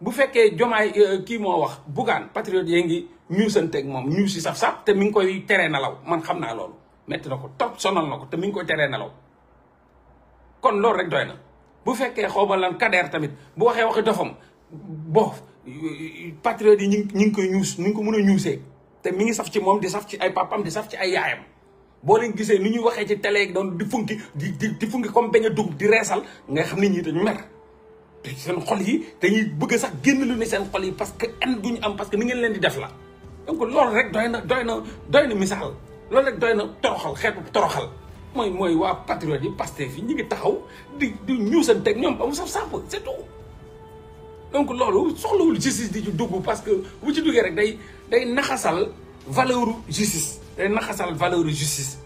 bu fekkee jomaay euh, kii moo wax Bougane patriote yee ngi ñuusanteeg moom ñuus si saf-saf te mi ngi koy teree nelaw man xam naa loolu metti na ko topp ko te mi ngi koy teree nelaw kon loolu rek doy na bu fekkee xaw ma lan kadeer tamit bu waxee waxi dofam bo patriote yi ñu ñu ngi koy ñuus ñu ngi ko mën a ñuusee te mu ngi saf ci moom di saf ci ay papam di saf ci ay yaayam boo leen gisee ni ñuy waxee ci télé doon di funki di di funki comme beñ a dugub di reesal nga xam ni ñi dañu mer seen xol yi dañuy bëgg sax génn lu ne seen xol yi parce que en duñu am parce que ni ngeen leen di def la donc loolu rek doy na doy na doy na misaal loolu rek doy na toroxal xeetu toroxal mooy mooy waa patriote yi Pastef fii ñu ngi taxaw di di teg ñoom ba mu saf sàpp c'est tout donc loolu soxlawul justice di ci dugg parce que bu ci duggee rek day day naxasal valeur justice day naxasal valeur justice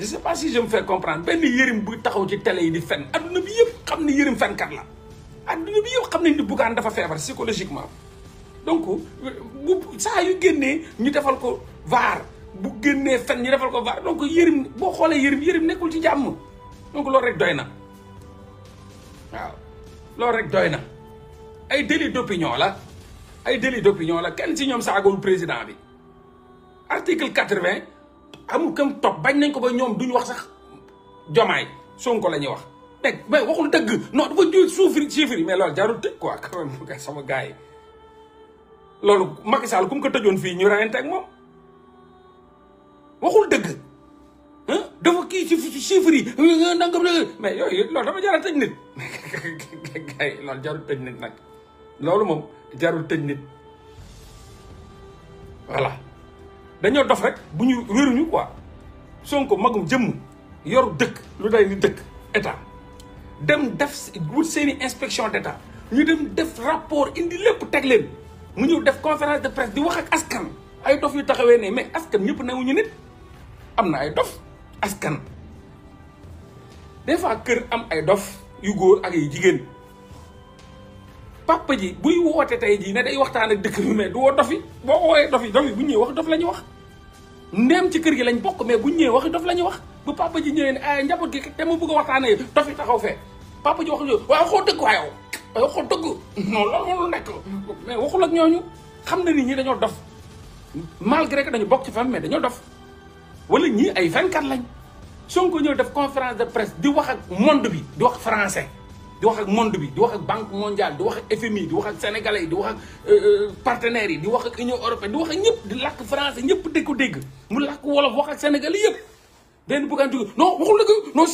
je sais pas si je me fais comprendre benn yërim bu taxaw ci télé yi di fenn adduna bi yëpp xam ni yërim fenkat la adduna bi yow xam nañ ni Bougane dafa feebar psychologiquement donc bu saa yu génnee ñu defal ko vaar bu génnee fen ñu defal ko vaar donc yërim boo xoolee yërim yërim nekkul ci jàmm donc loolu rek doy na waaw loolu rek doy na ay délit d'opinion la ay délit d'opinion la kenn si ñoom saagul président bi article quatre-vingt amul kam topp bañ nañ ko ba ñoom duñu wax sax jomaay Sonko la ñuy wax teg mais waxul dëgg non dafa jur suufri chiffres yi mais loolu jarul tëj quoi quand sama gars loolu Macky Sall ku mu ko fii ñu rayante ak moom waxul dëgg dafa mais yooyu loolu dama jaral tëj nit gars loolu moom jarul tëj voilà dañoo dof rek bu ñu wéruñu magum jëmm yoru dëkk lu day ni dëkk état dem def wut seeni inspection d'état ñu dem def rapport indi lepp tek leen mu ñu def conférence de presse di wax ak askan ay dof yu taxawé né mais askan ñepp ñëpp ñu nit amna ay dof askan des fois kër am ay dof yu goor ak yu jigen papa ji buy woté tay ji né day waxtaan ak dëkk bi mais du wo dofi bo boo dofi dofi bu ñëw wax dof lañu wax ndem ci kër gi lañ bokk mais bu ñëw wax dof lañu wax bu papa ji ñëw né ay ah, njabot gi té mu bëgg a waxtaanee dof taxaw fé papa ji wax yooyu waaye waxoo dëgg waaye waaye waxoo dëgg non loolu mais waxul ak ñooñu xam na ni ñi dañoo dof malgré que dañu bokk ci famille mais dañoo dof wala ñii ay vingt-quatre lañ Sonko ñëw def conférence de presse di wax ak monde bi di wax français di wax ak monde bi di wax ak banque mondiale di wax ak FMI di wax ak sénégalais yi di wax ak euh, euh, partenaires yi di wax ak union européenne di wax ak ñëpp di làkk français ñëpp dégg ko dégg mu làkk wolof wax ak sénégalais yëpp benn buggaan jóg non waxul dëgg non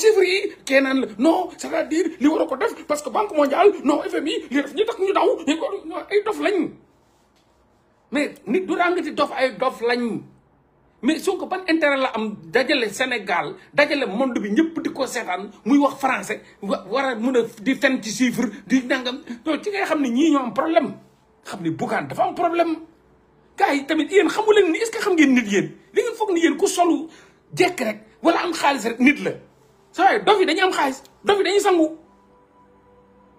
kee naan la non c'est-à-dire li war a ko def parce que banque mondiale non FMI li def ñu tax ñu daw ñu ko ay dof lañ mais nit du ràngati dof ay dof lañ mais Sonko ban intérêt la am dajale Sénégal dajale monde bi ñëpp di ko seetaan muy wax français war a mën a di fen ci chiffre di nangam donc ci ngay xam ne ñii ñoo am problème xam ne buggaan dafa am problème gars yi tamit yéen xamu leen ni est-ce que xam ngeen nit yéen li ngeen foog ni yéen ku solu jekk rek wala am xaalis rek nit la sax waay dof yi dañuy am xaalis dof yi dañuy sangu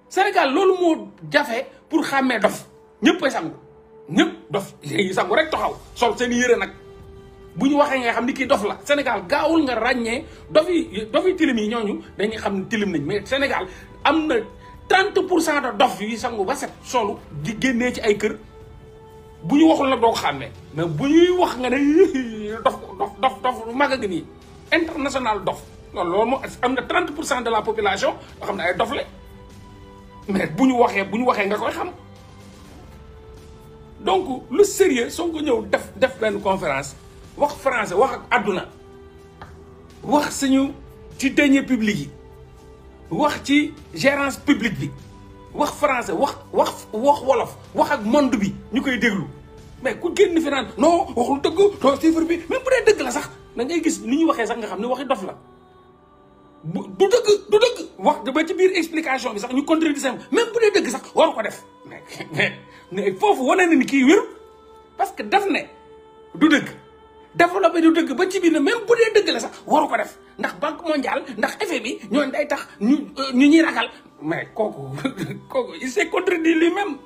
Sénégal loolu moo jafe pour xàmmee dof ñëpp ay sangu ñëpp dof yi sangu rek taxaw sol seen yére nag bu ñu waxee nga xam ni kii dof la Sénégal gaawul nga ràññee dof yi dof yi tilim yi ñooñu dañuy xam ne tilim nañ mais Sénégal am na 30 pour cent de dof yi sangu ba set solu di génnee ci ay kër. buñu waxul nag doo ko xàmmee mais bu ñuy wax nga ne dof dof dof dof mag a ngi nii international dof loolu loolu moo am na 30 pour cent de la population yoo xam ne ay dof la mais bu ñu waxee bu ñu waxee nga koy xam donc lu sérieux soo ko ñëw def def benn conférence wax français wax ak àdduna wax suñu ci dernier public yi wax ci gérance publique bi wax français wax wax wax wolof wax ak monde bi ñu koy déglu mais ku génn fi naan noo waxul dëgg non chiffre bi dëgg la sax da ngay gis ni ñu waxee sax nga xam ne waxi dof la bu du dëgg du dëgg wax ba ci biir explication bi sax ñu contredire sax même bu dee dëgg sax waru ko def mais mais foofu wane na kii wér parce que daf ne du dëgg développé du dëgg ba ci biir ne même bu dëgg la sax waru ko def ndax banque mondiale ndax effet bi ñooñ day tax ñu euh, ñu ñuy ragal mais koko kooku il s'est contredit lui-même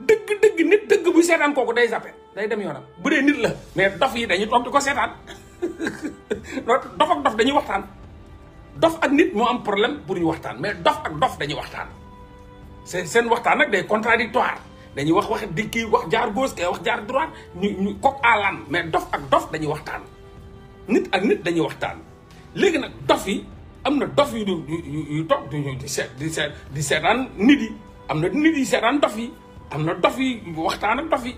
dëgg nit dëgg bu seetaan kooku day zappe day dem yoram bu nit la mais dof yi dañu toog ko seetaan dof ak dof dañuy waxtan dof ak nit mo am problème pour ñu waxtan mais dof ak dof dañuy waxtan sen sen waxtan nak day contradictoire dañuy wax wax di kii wax jaar gauche kay wax jaar droite ñu ñu mais dof ak dof dañuy waxtan nit ak nit dañuy waxtan légui nak dof yi am na dof yu du yu toog di seet di seet seetaan nit yi am na nit yi seetaan dof yi am na dof yi waxtaan ak dof yi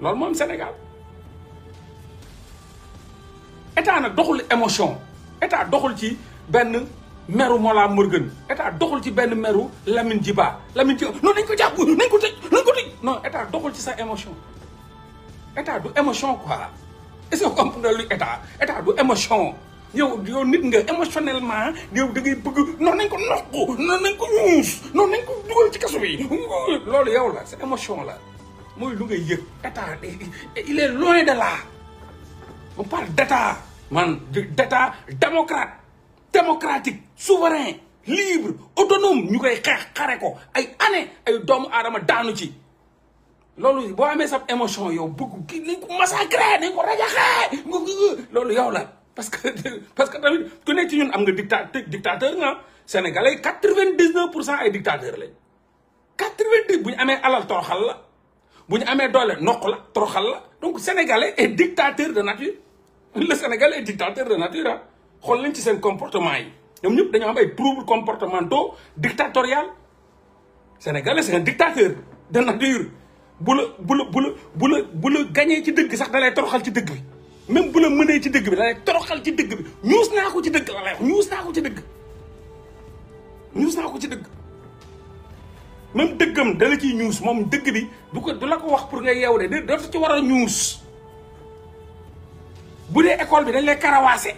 loolu moom Sénégal état nag doxul émotion état doxul ci benn meru Mollah Morgun état doxul ci benn meru Lamine Djiba Lamine Djiba non nañ ko jàpp nañ ko tëj nañ ko doxul ci sa émotion état du émotion quoi est-ce que comprendre lu état état du émotion yow yow nit nga émotionnellement yow da ngay bëgg noonu nañ ko noq noonu nañ ko ñuus noonu nañ ko dugal ci kaso bi loolu yow la sa émotion la mooy lu yëg état il est loin de là on parle d'état man d'état démocrate démocratique souverain libre autonome ñu koy xeex xare ko ay année ay doomu aadama daanu ci loolu boo amee sa émotion yow bëgg kii nañ ko massacré nañ ko rajaxe loolu yow la parce que parce que tamit ku nekk ci ñun am nga dicta dictateur nga sénégalais yi quatre vingt dix neuf pour cent ay dictateur lañ quatre vingt dix bu ñu amee alal toroxal la bu ñu amee doole noq la toroxal la donc sénégalais et dictateur de nature le sénégalais est dictateur de nature ah xool lañ ci seen comportement yi ñoom ñëpp dañoo am ay troubles comportementaux dictatorial sénégalais c'est un dictateur de nature bu la bu la bu la bu la bu la gañee ci dëgg sax da lay toroxal ci dëgg bi même bu la mëne ci dëgg bi la lay toroxal ci dëgg bi ñuus na ko ci dëgg la lay wax ñuus na ko ci dëgg ñuus na ko ci dëgg même dëggam la ci ñuus moom dëgg bi du ko du la ko wax pour nga yew de do ci wara ñuus bu dee école bi dañ lay karawaase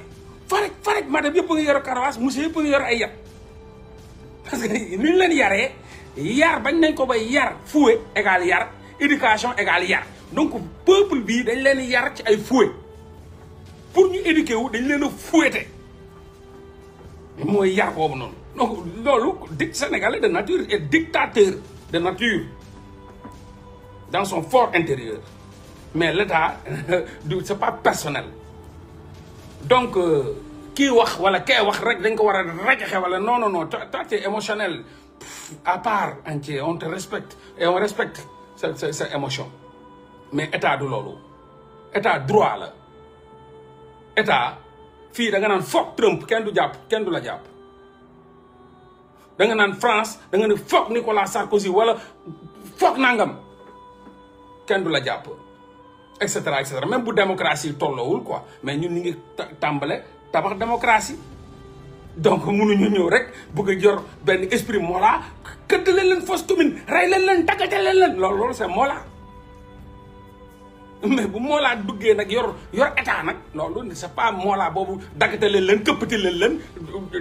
farek farek madame yëpp nga yoro karawas monsieur yëpp nga yoro ay yat parce que ñu leen yaré yar bañ nañ ko bay yar fouet égal yar éducation égal yar donc peuple bi dañ leen yar ci ay fouet pour nous éduquer nous nous nous fouetter nous nous quoi non donc le sénégalais de nature est dictateur de nature dans son fort intérieur mais l'état c'est pas personnel donc qui euh, wax wala qui wax non non non tu es émotionnel à part entier on te respecte et on respecte cette émotion mais état du L'État, état droit eta fi da nga nan fok Trump ken du japp ken du la japp da nga nan France da nga ni fok Nicolas Sarkozy wala fok nangam ken du la japp et cetera et cetera même bu démocratie tolowul quoi mais ñun ni ngi tambalé tabax démocratie donc ñu ñëw rek bëgg jor ben esprit mola këdd leen leen fausse commune ray leen leen daggate leen leen loolu loolu c'est mola mais bu Mola duggé nak yor yor état nag loolu c'est pas moolaa boobu daggatale leen këppatale leen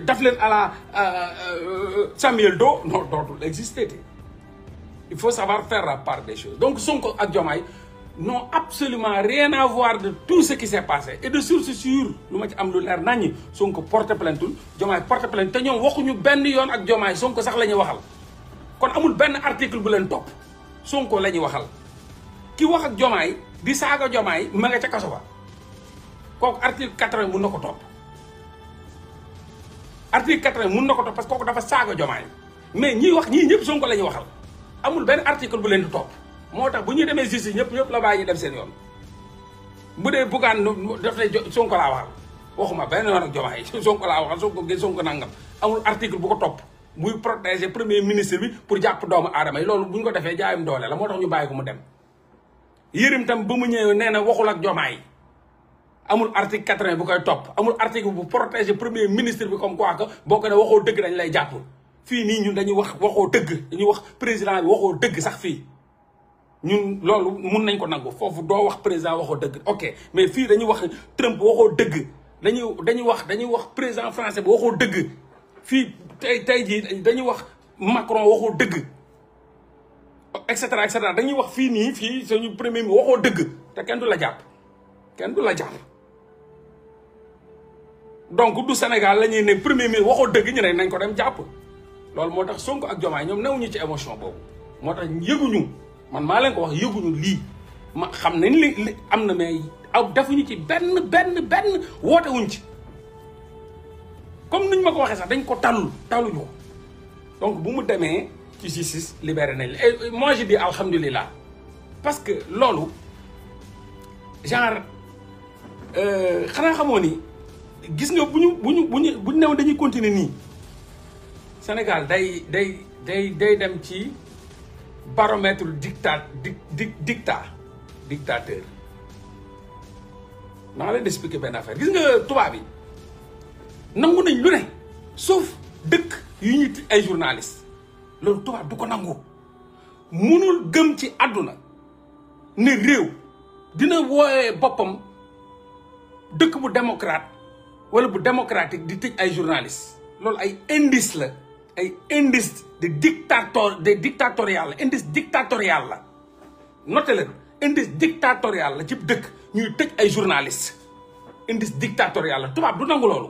daf leen ala la euh, euh, Samuel Doe non dort exister il faut savoir faire la part des choses donc Sonko ak Diomaye n'ont absolument rien à voir de tout ce qui s'est passé et de source sûre lu ma ci am lu leer naññi Sonko porte plainte Diomaye porte plainte ñom waxu ñu benn yoon ak Diomaye Sonko sax lañu waxal kon amul benn article bu leen top, Sonko la ñuy waxal ki wax ak Diomaye di saaga jomay ma nga ca kasso ba kok article 80 mun nako top article 80 mun nako top parce que kooku dafa saaga jomay mais ñi wax ñi ñepp son ko ñuy waxal amul ben article bu leen di topp moo bu ñuy démé justice ñepp ñepp la bàyyi dem seen yoon bu dee bugaan daf lay son ko la waxal waxuma ben yoon ak jomay jomaay sonko laa waxal ko gën son ko nangam amul article bu ko top muy protéger premier ministre bi pour japp doomu adamay lolu buñ ko défé jaayum doole la motax ñu bayiko mu dem yërim tam ba mu ñëwee nee na waxul ak jomaay amul article quatre-vingt bu koy topp amul article bu protéger premier ministre bi comme quoi que boo ko ne waxoo dëgg dañ lay jàpp fii nii ñun dañuy wax waxoo dëgg dañuy wax président waxoo dëgg sax fii ñun loolu mun nañ ko nangu foofu doo wax président waxoo dëgg ok mais fii dañuy wax Trump waxoo dëgg dañuy dañuy wax dañuy wax président français bi waxoo dëgg fii tey tey jii dañuy wax Macron waxoo dëgg etc etc dañuy wax fi ni fi suñu premier mi waxo deug te kenn du la jàpp kenn du la jàpp donc du senegal lañuy ne premier mi waxo deug ñu ne nañ ko dem japp lool motax Sonko ak Diomaye ñoom newuñu ci émotion bobu motax yeguñu man ma leen ko wax yeguñu li ma xam nañ li amna may aw dafuñu ci ben ben ben wote wuñ ci comme nuñ ma ko waxee sax dañ ko talu talluñu donc bu mu démé ci justice libéré nañ la et moi je dis alhamdoulillah parce que lolu genre euh xana ni gis nga buñu buñu buñu ñu bu dañuy continuer ni Sénégal day day day day dem ci baromètre dictat di di dictat dictateur. naa leen expliquer ben affaire gis nga touba bi nangou nañ lu ne sauf deuk yu ñuy ay journalistes loolu tubaab du ko nangu munul gëm ci adduna ne réew dina wooyee boppam dëkk bu démocrate wala bu démocratique di tëj ay journaliste loolu ay indice la ay indice de dictator de dictatorial la indice dictatorial la noté leen indice dictatorial la ci dëkk ñuy tëj ay journaliste indice dictatorial la tubaab du nangu loolu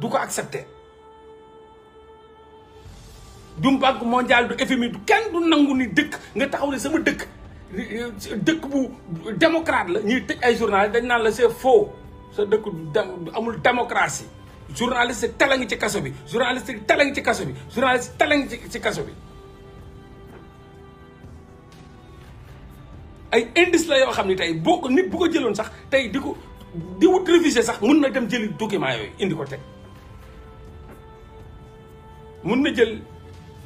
du ko accepté du banque mondiale du FMI du kenn du nangu ni dëkk nga taxaw ne sama dëkk dëkk bu démocrate la ñuy tëj ay journalistes dañ naan la c'est faux sa dëkk amul démocratie journaliste tala ngi ci kaso bi journaliste tala ngi ci kaso bi journaliste tala ci kaso bi ay indice la yoo xam ne tey boo ko nit bu ko jëloon sax tey di ko di wut réviser sax mun na dem jëli document yooyu indi ko teg mun na jël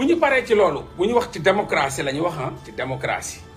bu ñu paree ci loolu bu ñu wax ci démocratie la ñu wax ah ci démocratie